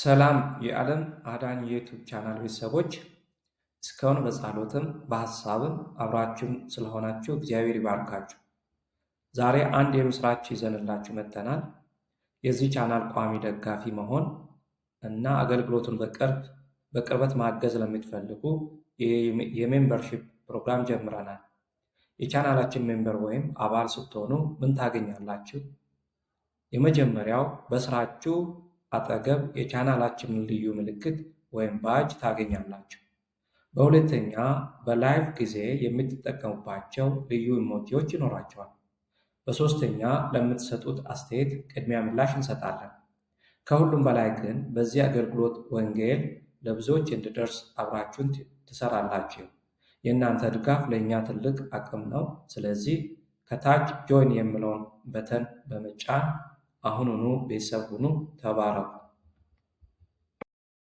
ሰላም የዓለም አዳኝ የዩቱብ ቻናል ቤተሰቦች እስካሁን በጸሎትም በሀሳብም አብራችሁም ስለሆናችሁ እግዚአብሔር ይባርካችሁ። ዛሬ አንድ የምስራች ይዘንላችሁ መጥተናል። የዚህ ቻናል ቋሚ ደጋፊ መሆን እና አገልግሎቱን በቅርብ በቅርበት ማገዝ ለምትፈልጉ የሜምበርሺፕ ፕሮግራም ጀምረናል። የቻናላችን ሜምበር ወይም አባል ስትሆኑ ምን ታገኛላችሁ? የመጀመሪያው በስራችሁ አጠገብ የቻናላችንን ልዩ ምልክት ወይም ባጅ ታገኛላችሁ። በሁለተኛ፣ በላይቭ ጊዜ የምትጠቀሙባቸው ልዩ ኢሞቲዎች ይኖራቸዋል። በሶስተኛ፣ ለምትሰጡት አስተያየት ቅድሚያ ምላሽ እንሰጣለን። ከሁሉም በላይ ግን በዚህ አገልግሎት ወንጌል ለብዙዎች እንዲደርስ አብራችሁን ትሰራላችሁ። የእናንተ ድጋፍ ለእኛ ትልቅ አቅም ነው። ስለዚህ ከታች ጆይን የሚለውን በተን በመጫን አሁኑኑ ቤተሰብ ሁኑ፣ ተባረኩ።